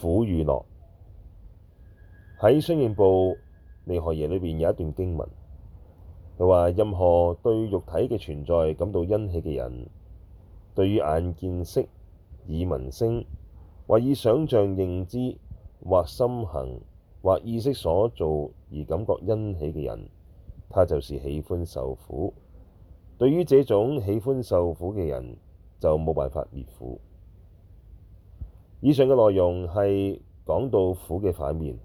苦與樂，喺《相應部尼柯耶》裏邊有一段經文，佢話：任何對肉體嘅存在感到欣喜嘅人，對於眼見色、耳聞聲、或以想像認知、或心行、或意識所做而感覺欣喜嘅人，他就是喜歡受苦。對於這種喜歡受苦嘅人，就冇辦法滅苦。以上嘅內容係講到苦嘅反面，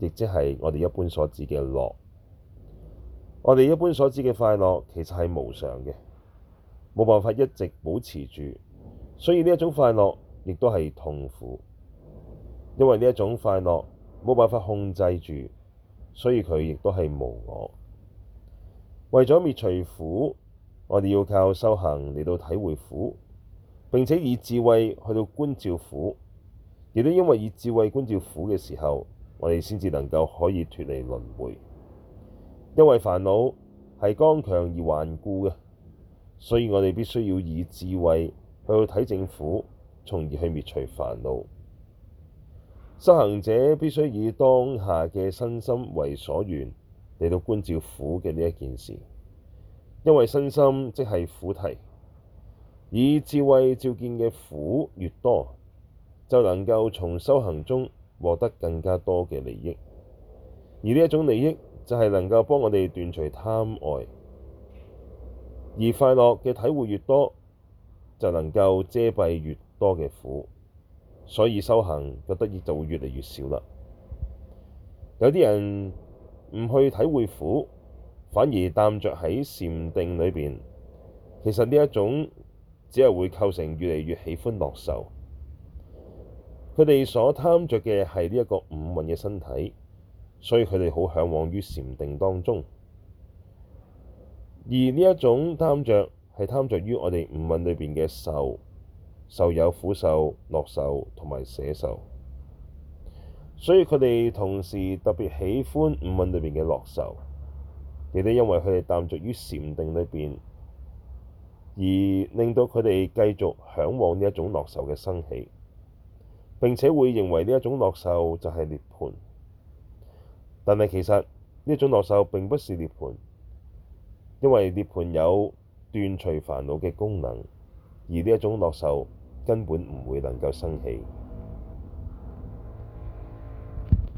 亦即係我哋一般所知嘅樂。我哋一般所知嘅快樂其實係無常嘅，冇辦法一直保持住。所以呢一種快樂亦都係痛苦，因為呢一種快樂冇辦法控制住，所以佢亦都係無我。為咗滅除苦，我哋要靠修行嚟到體會苦，並且以智慧去到觀照苦。亦都因為以智慧觀照苦嘅時候，我哋先至能夠可以脫離輪迴。因為煩惱係剛強而頑固嘅，所以我哋必須要以智慧去睇正苦，從而去滅除煩惱。修行者必須以當下嘅身心為所緣嚟到觀照苦嘅呢一件事，因為身心即係苦諦。以智慧照見嘅苦越多，就能夠從修行中獲得更加多嘅利益，而呢一種利益就係能夠幫我哋斷除貪愛，而快樂嘅體會越多，就能夠遮蔽越多嘅苦，所以修行嘅得意就越嚟越少啦。有啲人唔去體會苦，反而耽着喺禪定裏邊，其實呢一種只係會構成越嚟越喜歡樂受。佢哋所貪著嘅係呢一個五蘊嘅身體，所以佢哋好向往於禪定當中。而呢一種貪著係貪著於我哋五蘊裏邊嘅受，受有苦受、樂受同埋捨受。所以佢哋同時特別喜歡五蘊裏邊嘅樂受，亦都因為佢哋貪著於禪定裏邊，而令到佢哋繼續向往呢一種樂受嘅生起。並且會認為呢一種樂受就係涅槃，但係其實呢一種樂受並不是涅槃，因為涅槃有斷除煩惱嘅功能，而呢一種樂受根本唔會能夠生氣。